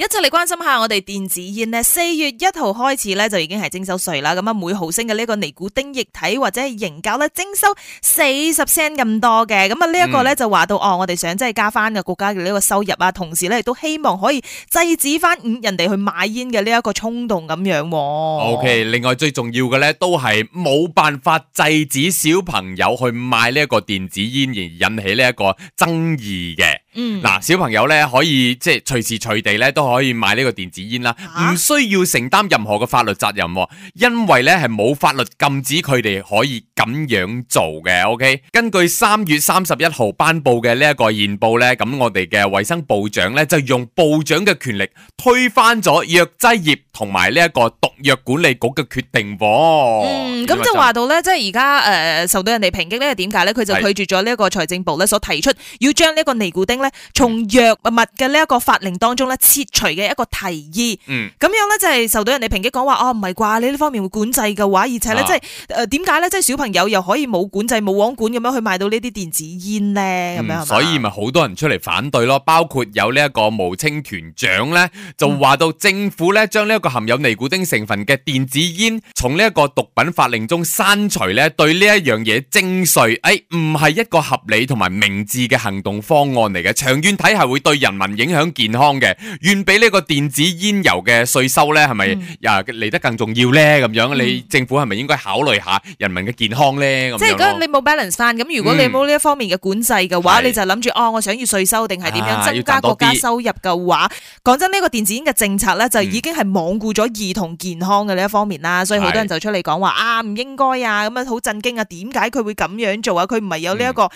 一直嚟關心下我哋電子煙咧，四月一號開始咧就已經係徵收稅啦。咁啊，每毫升嘅呢一個尼古丁液體或者係凝膠咧，徵收四十 percent 咁多嘅。咁啊，呢一個咧就話到哦，我哋想即係加翻嘅國家嘅呢個收入啊，同時咧亦都希望可以制止翻五人哋去買煙嘅呢一個衝動咁樣，哦。OK，另外最重要嘅咧都係冇辦法制止小朋友去買呢一個電子煙，而引起呢一個爭議嘅。嗯，嗱，小朋友咧，可以即係隨時隨地咧都可以買呢個電子煙啦，唔、啊、需要承擔任何嘅法律責任，哦、因為咧係冇法律禁止佢哋可以咁樣做嘅。OK，根據三月三十一號頒布嘅呢一個憲報咧，咁我哋嘅衛生部長咧就用部長嘅權力推翻咗藥劑業同埋呢一個毒藥管理局嘅決定。噃、哦、嗯，咁就話到咧，即係而家誒受到人哋抨擊咧，點解咧？佢就拒絕咗呢一個財政部咧所提出要將呢個尼古丁。咧，從藥物嘅呢一個法令當中咧，切除嘅一個提議，嗯，咁樣咧，就係受到人哋抨擊講話，哦，唔係啩？你呢方面會管制嘅話，而且咧，即係誒點解咧？即係、就是、小朋友又可以冇管制、冇王管咁樣去買到呢啲電子煙咧？咁樣、嗯，是是所以咪好多人出嚟反對咯。包括有呢一個無清團長咧，就話到政府咧，將呢一個含有尼古丁成分嘅電子煙，從呢一個毒品法令中刪除咧，對呢一樣嘢徵稅，誒、哎，唔係一個合理同埋明智嘅行動方案嚟嘅。長遠睇，係會對人民影響健康嘅，遠比呢個電子煙油嘅稅收咧係咪又嚟得更重要咧？咁樣，你政府係咪應該考慮下人民嘅健康咧？即係如果你冇 balance，咁如果你冇呢一方面嘅管制嘅話，你就諗住哦，我想要稅收定係點樣增加國家收入嘅話，講真呢個電子煙嘅政策咧，就已經係罔顧咗兒童健康嘅呢一方面啦。所以好多人就出嚟講話啊，唔應該啊，咁樣好震驚啊，點解佢會咁樣做啊？佢唔係有呢一個誒，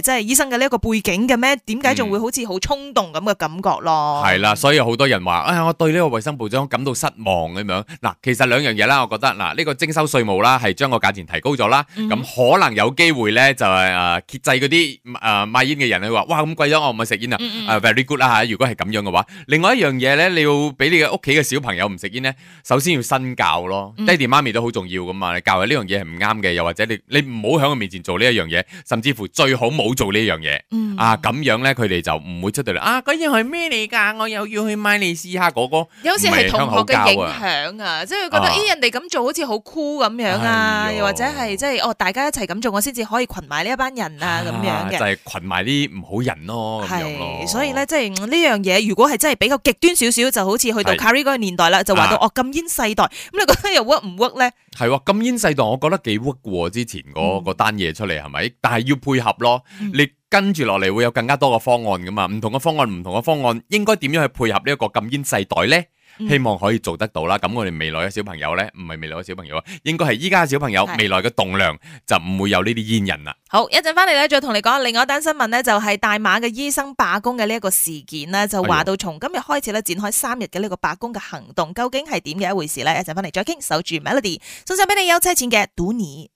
即係醫生嘅呢一個背景嘅咩？點解？仲會好似好衝動咁嘅感覺咯，係啦，所以好多人話，哎，我對呢個衞生部長感到失望咁樣。嗱，其實兩樣嘢啦，我覺得嗱，呢個徵收稅務啦，係將個價錢提高咗啦，咁可能有機會咧，就係誒遏制嗰啲誒賣煙嘅人去話，哇，咁貴咗，我唔係食煙啊！Very good 啦嚇，如果係咁樣嘅話，另外一樣嘢咧，你要俾你嘅屋企嘅小朋友唔食煙咧，首先要身教咯，爹地媽咪都好重要噶嘛，教佢呢樣嘢係唔啱嘅，又或者你你唔好喺佢面前做呢一樣嘢，甚至乎最好冇做呢一樣嘢，啊，咁樣咧佢。你就唔會出到嚟啊！咁樣係咩嚟噶？我又要去買嚟試下嗰個。有時係同學嘅影響啊，即係覺得咦，人哋咁做好似好酷咁樣啊，又或者係即係哦，大家一齊咁做，我先至可以群埋呢一班人啊，咁樣嘅。就係群埋啲唔好人咯。係，所以咧，即係呢樣嘢，如果係真係比較極端少少，就好似去到 Carrie 嗰個年代啦，就話到哦，禁煙世代，咁你覺得又 work 唔 work 咧？係喎，禁煙世代，我覺得幾 work 喎，之前嗰嗰單嘢出嚟係咪？但係要配合咯，你。跟住落嚟會有更加多嘅方案噶嘛，唔同嘅方案，唔同嘅方案，方案應該點樣去配合呢一個禁煙世代呢？希望可以做得到啦。咁、嗯、我哋未來嘅小朋友呢，唔係未來嘅小朋友，應該係依家嘅小朋友，是的 未來嘅棟樑就唔會有呢啲煙人啦。好，一陣翻嚟咧，再同你講另外一單新聞呢，就係大馬嘅醫生罷工嘅呢一個事件呢，就話到從今日開始咧，展開三日嘅呢個罷工嘅行動，究竟係點嘅一回事呢？一陣翻嚟再傾，守住 Melody，送上俾你有車錢嘅賭年。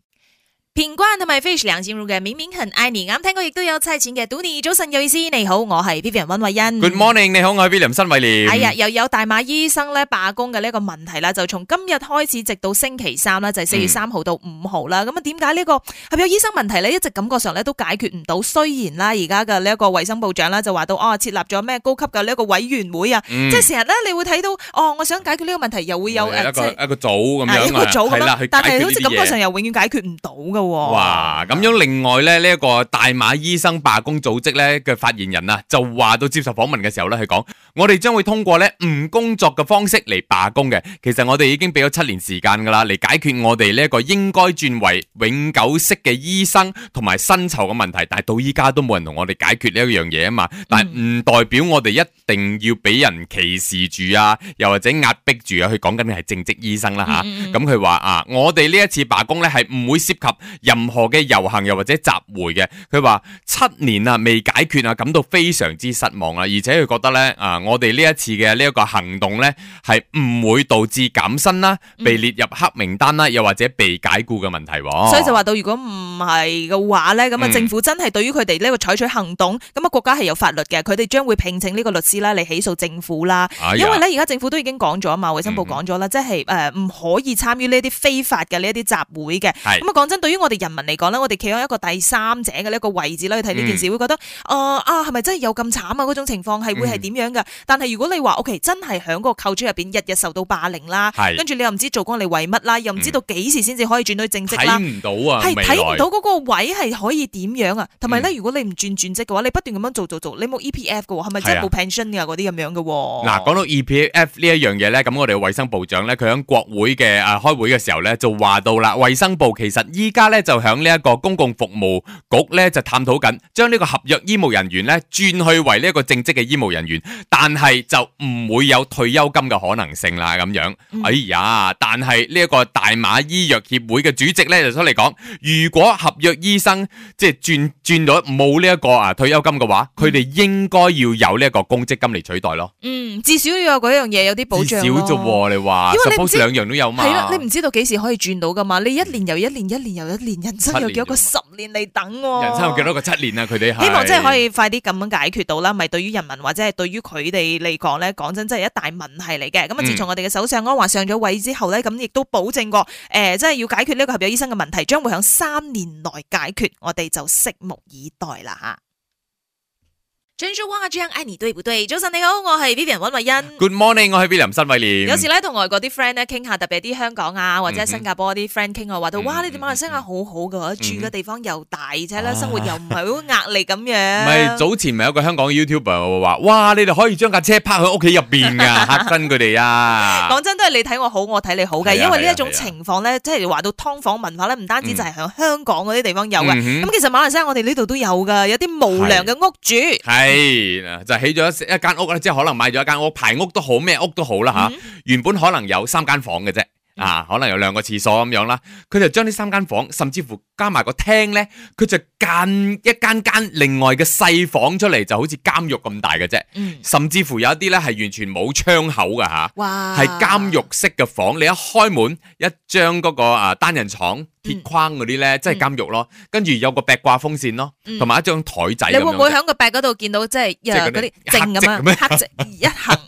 平關同埋 Fish 梁嘅綿綿恨 Irene 啱聽過亦都有猜錢嘅 Dony 早晨，有意思，你好，我係 Vivian 溫慧欣。Good morning，你好，我係 Vivian 梁新偉了。係啊、哎，又有大馬醫生咧罷工嘅呢一個問題啦，就從今日開始直到星期三啦，就係、是、四月三號到五號啦。咁啊、嗯，點解呢個係咪有醫生問題咧？一直感覺上咧都解決唔到。雖然啦，而家嘅呢一個衛生部長啦就話到哦，設立咗咩高級嘅呢一個委員會啊，嗯、即係成日咧你會睇到哦，我想解決呢個問題，又會有、嗯啊、一個、就是、一個組咁樣，一個組咁、啊、啦，但係好似感覺上又永遠解決唔到嘅。哇，咁樣另外咧，呢、這、一個大馬醫生罷工組織咧嘅發言人啊，就話到接受訪問嘅時候咧，佢講：我哋將會通過咧唔工作嘅方式嚟罷工嘅。其實我哋已經俾咗七年時間噶啦，嚟解決我哋呢一個應該轉為永久式嘅醫生同埋薪酬嘅問題，但係到依家都冇人同我哋解決呢一樣嘢啊嘛。但係唔代表我哋一定要俾人歧視住啊，又或者壓迫住啊。佢講緊嘅係正職醫生啦、啊、吓，咁佢話啊，我哋呢一次罷工咧係唔會涉及任何嘅遊行又或者集會嘅，佢話七年啊未解決啊，感到非常之失望啊，而且佢覺得咧啊、呃，我哋呢一次嘅呢一個行動咧係唔會導致減薪啦、被列入黑名單啦，嗯、又或者被解雇嘅問題，喎，所以就話到，如果唔係嘅話咧，咁啊政府真係對於佢哋呢個採取行動，咁啊、嗯、國家係有法律嘅，佢哋將會聘請呢個律師啦嚟起訴政府啦，哎、呀因為咧而家政府都已經講咗啊嘛，衛生部講咗啦，嗯、即係誒唔可以參與呢啲非法嘅呢一啲集會嘅。咁啊講真，對於我我哋人民嚟講咧，我哋企喺一個第三者嘅呢一個位置咧，睇呢件事、嗯、會覺得啊、呃、啊，係咪真係有咁慘啊？嗰種情況係會係點樣噶？嗯、但係如果你話，OK，真係喺嗰個構築入邊日日受到霸凌啦，是 跟住你又唔知做工你為乜啦，又唔知道幾時先至可以轉到正式。啦，睇唔到啊，睇唔到嗰個位係可以點樣啊？同埋咧，如果你唔轉轉職嘅話，你不斷咁樣做做做,做，你冇 EPF 嘅喎，係咪真係冇 pension 㗎嗰啲咁樣嘅喎？嗱，講到 EPF 呢一樣嘢咧，咁我哋嘅衞生部長咧，佢喺國會嘅啊開會嘅時候咧，就話到啦，衞生部其實依家就響呢一個公共服務局咧就探討緊，將呢個合約醫務人員咧轉去為呢一個正職嘅醫務人員，但係就唔會有退休金嘅可能性啦咁樣。哎呀，但係呢一個大馬醫藥協會嘅主席咧就出嚟講，如果合約醫生即係轉轉到冇呢一個啊退休金嘅話，佢哋應該要有呢一個公積金嚟取代咯。嗯，至少要有嗰樣嘢有啲保障咯。少啫，你話，因為你兩樣都有嘛。係咯，你唔知道幾時可以轉到噶嘛？你一年又一年，一年又。年，人生有幾多個十年嚟等、啊？人生有幾多個七年啊？佢哋希望真係可以快啲咁樣解決到啦，咪對於人民或者係對於佢哋嚟講咧，講真真係一大問題嚟嘅。咁啊，自從我哋嘅首相安華上咗位之後咧，咁亦都保證過，誒、呃，即係要解決呢個合約醫生嘅問題，將會喺三年內解決，我哋就拭目以待啦吓。陳淑華啊，張 any 對唔對？早晨你好，我係 Vivian 溫慧欣。Good morning，我係 Vivian 新慧蓮。有時咧同外國啲 friend 咧傾下，特別係啲香港啊或者新加坡啲 friend 傾啊，話到哇，你哋馬來西亞好好噶，住嘅地方又大，而且咧生活又唔係好壓力咁樣。唔係早前咪有個香港 YouTuber 話哇，你哋可以將架車泊喺屋企入邊噶，吓親佢哋啊。講真都係你睇我好，我睇你好嘅，因為呢一種情況咧，即係話到劏房文化咧，唔單止就係響香港嗰啲地方有嘅，咁其實馬來西亞我哋呢度都有噶，有啲無良嘅屋主。誒、哎、就起咗一一間屋啦，即係可能買咗一間屋，排屋都好，咩屋都好啦吓、啊。原本可能有三間房嘅啫。啊，可能有兩個廁所咁樣啦，佢就將呢三間房，甚至乎加埋個廳呢，佢就間一間間另外嘅細房出嚟，就好似監獄咁大嘅啫。嗯、甚至乎有一啲呢係完全冇窗口嘅吓，哇，係監獄式嘅房，你一開門一張嗰個啊單人床鐵框嗰啲呢，即係監獄咯，跟住有個壁掛風扇咯，同埋、嗯、一張台仔。你會唔會喺個壁嗰度見到、就是、即係嗰啲正咁啊？黑一行。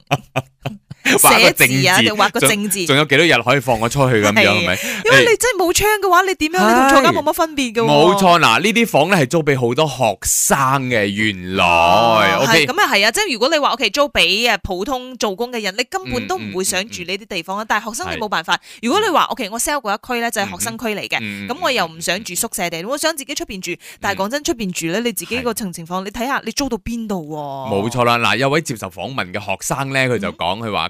寫字啊，定畫個正字？仲有幾多日可以放我出去咁樣？係咪的？是是因為你真係冇窗嘅話，你點樣？的你同坐監冇乜分別嘅。冇錯嗱，呢啲房咧係租俾好多學生嘅。原來，係咁啊，係啊 Okay,、就是，即、就、係、是、如果你話屋企租俾啊普通做工嘅人，你根本都唔會想住呢啲地方啊。嗯嗯嗯、但係學生你冇辦法。嗯、如果你話，OK，我 sell 嗰一區咧就係學生區嚟嘅，咁、嗯、我又唔想住宿舍地，我想自己出邊住。但係講真，出邊住咧，你自己個情情況，你睇下你租到邊度、啊？冇錯啦，嗱，有位接受訪問嘅學生咧，佢就講佢話。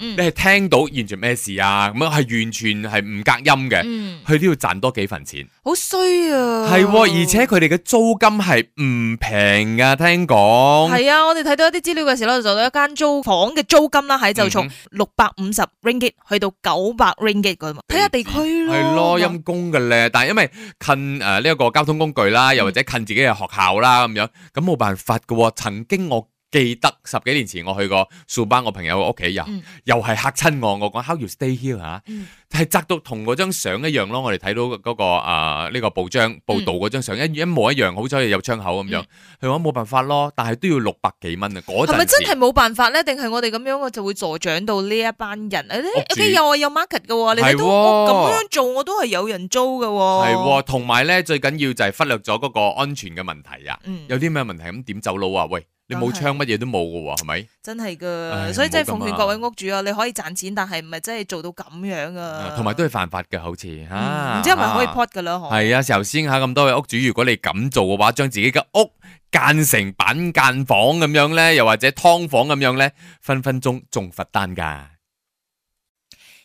嗯、你係聽到完全咩事啊？咁、嗯、啊，係完全係唔隔音嘅。佢都要賺多幾份錢，好衰啊！係，而且佢哋嘅租金係唔平啊。聽講係、嗯、啊，我哋睇到一啲資料嘅時候咧，就到一間租房嘅租金啦、啊，喺就從六百五十 ringgit 去到九百 ringgit 咁。睇下地區咯、啊，係咯、嗯，陰公嘅咧。但係因為近誒呢一個交通工具啦，又或者近自己嘅學校啦咁樣，咁冇辦法噶。曾經我。記得十幾年前我去過數班我朋友屋企又、嗯、又係嚇親我，我講 How you stay here 吓，係窒到同嗰張相一樣咯。我哋睇到嗰、那個啊呢、呃，這個報章報道嗰張相一、嗯、一模一樣，好彩有窗口咁樣。佢話冇辦法咯，但係都要六百幾蚊啊。嗰陣時係咪真係冇辦法咧？定係我哋咁樣我就會助長到呢一班人？OK 又係有 market 嘅，你睇到、哦、我咁樣做，我都係有人租嘅。係、哦，同埋咧最緊要就係忽略咗嗰個安全嘅問題啊！嗯哦、有啲咩問題咁點、嗯、走佬啊？喂！你冇槍，乜嘢都冇嘅喎，係咪？真係噶，唉所以真係奉勸各位屋主啊，啊你可以賺錢，但係唔係真係做到咁樣啊。同埋、啊、都係犯法嘅，好似、嗯、啊，唔知係咪可以 pot 嘅啦？係啊，頭、啊、先下咁多位屋主，如果你咁做嘅話，將自己嘅屋間成板間房咁樣咧，又或者劏房咁樣咧，分分鐘中罰單噶。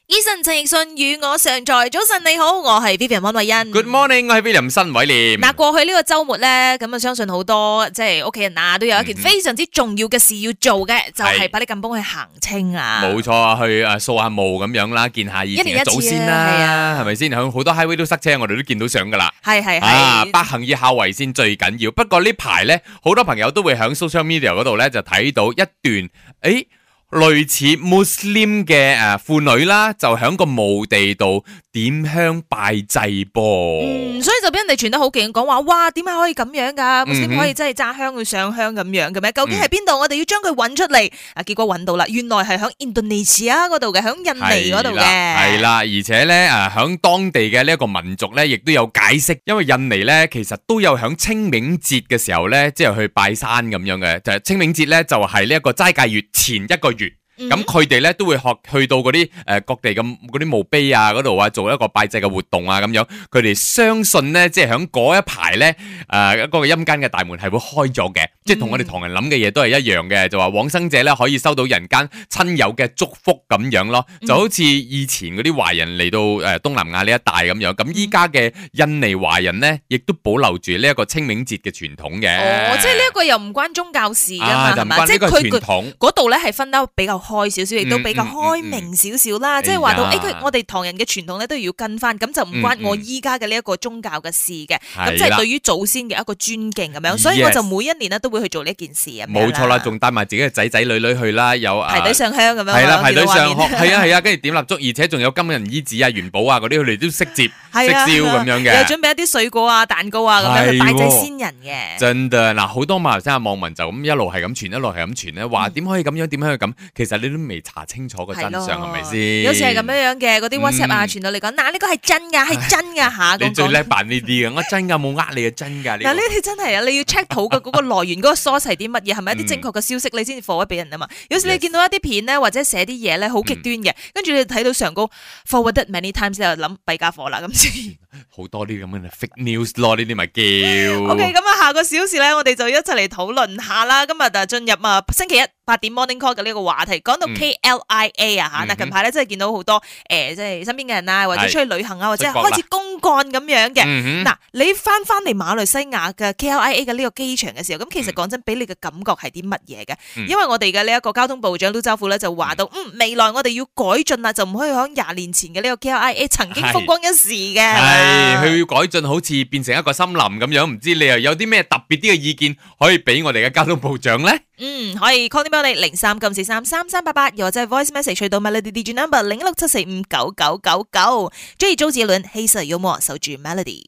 醫生陳奕迅與我常在，早晨你好，我係 Vivian 溫慧欣。Good morning，我係 Vivian 新偉廉。嗱，過去呢個周末咧，咁啊，相信好多即係屋企人啊，都有一件非常之重要嘅事要做嘅，就係拍啲金幫去行清啊。冇錯啊，去啊掃下墓咁樣啦，見下以前祖先啦，係咪先？響好多 Highway 都塞車，我哋都見到相噶啦。係係係，百行以孝為先最緊要。不過呢排咧，好多朋友都會響 social media 嗰度咧，就睇到一段誒。類似 Muslim 嘅誒婦女啦，就響個墓地度點香拜祭噃。嗯，所以就俾人哋傳得好勁講話，哇，點解可以咁樣噶？Muslim 可以真係揸香去上香咁樣嘅咩？究竟係邊度？我哋要將佢搵出嚟。啊，結果搵到啦，原來係響印度尼西亞嗰度嘅，響印尼嗰度嘅。係啦，而且咧啊，響當地嘅呢一個民族咧，亦都有解釋。因為印尼咧，其實都有響清明節嘅時候咧，即係去拜山咁樣嘅。就係清明節咧，就係呢一個齋戒月前一個月。咁佢哋咧都會學去到嗰啲誒各地咁嗰啲墓碑啊嗰度啊做一個拜祭嘅活動啊咁樣。佢哋相信咧，即係喺嗰一排咧，誒一個陰間嘅大門係會開咗嘅，即係同我哋唐人諗嘅嘢都係一樣嘅，就話往生者咧可以收到人間親友嘅祝福咁樣咯，就好似以前嗰啲華人嚟到誒東南亞呢一帶咁樣，咁依家嘅印尼華人咧亦都保留住呢一個清明節嘅傳統嘅。哦。哦，即係呢一個又唔關宗教事㗎嘛，係嘛、啊？關吧即係佢嗰度咧係分得比較開少少亦都比較開明少少啦，即係話到誒，我哋唐人嘅傳統咧都要跟翻，咁就唔關我依家嘅呢一個宗教嘅事嘅，咁即係對於祖先嘅一個尊敬咁樣，所以我就每一年咧都會去做呢一件事啊，冇錯啦，仲帶埋自己嘅仔仔女女去啦，有排隊上香咁樣，係啦，排隊上香，係啊係啊，跟住點蠟燭，而且仲有金銀衣紙啊、元寶啊嗰啲，佢哋都識接識燒咁樣嘅，又準備一啲水果啊、蛋糕啊咁樣拜祭先人嘅，真㗎嗱，好多馬來西亞網民就咁一路係咁傳，一路係咁傳咧，話點可以咁樣，點可以咁，其實。你都未查清楚個真相係咪先？有時係咁樣樣嘅，嗰啲 WhatsApp 啊，傳到嚟講嗱，呢個係真噶，係真噶吓。你最叻扮呢啲嘅，我真噶冇呃你啊，真噶。嗱，呢啲真係啊，你要 check 到嘅嗰個來源，嗰個 source 係啲乜嘢，係咪一啲正確嘅消息，你先至 forward 俾人啊嘛。有時你見到一啲片咧，或者寫啲嘢咧，好極端嘅，跟住你睇到上高 forwarded many times 之後，諗，弊家伙啦咁先。好多啲咁嘅 fake news 咯，呢啲咪叫。OK，咁啊，下個小時咧，我哋就一齊嚟討論下啦。今日就進入啊星期一。八點 morning call 嘅呢個話題，講到 K L I A、嗯、啊吓，嗱近排咧真係見到好多誒，即、呃、係、就是、身邊嘅人啊，或者出去旅行啊，或者開始公幹咁樣嘅。嗱、嗯嗯啊，你翻翻嚟馬來西亞嘅 K L I A 嘅呢個機場嘅時候，咁其實講真，俾你嘅感覺係啲乜嘢嘅？嗯、因為我哋嘅呢一個交通部長陸兆福咧，就話到，嗯,嗯，未來我哋要改進啊，就唔可以響廿年前嘅呢個 K L I A 曾經風光一時嘅，係佢是要改進，好似變成一個森林咁樣。唔知你又有啲咩特別啲嘅意見可以俾我哋嘅交通部長咧？嗯，可以俾我哋零三九四三三三八八，又或者係 voice message，去到 Melody Digi number 零六七四五九九九九。中意周杰倫，黑色幽默，守住 Melody。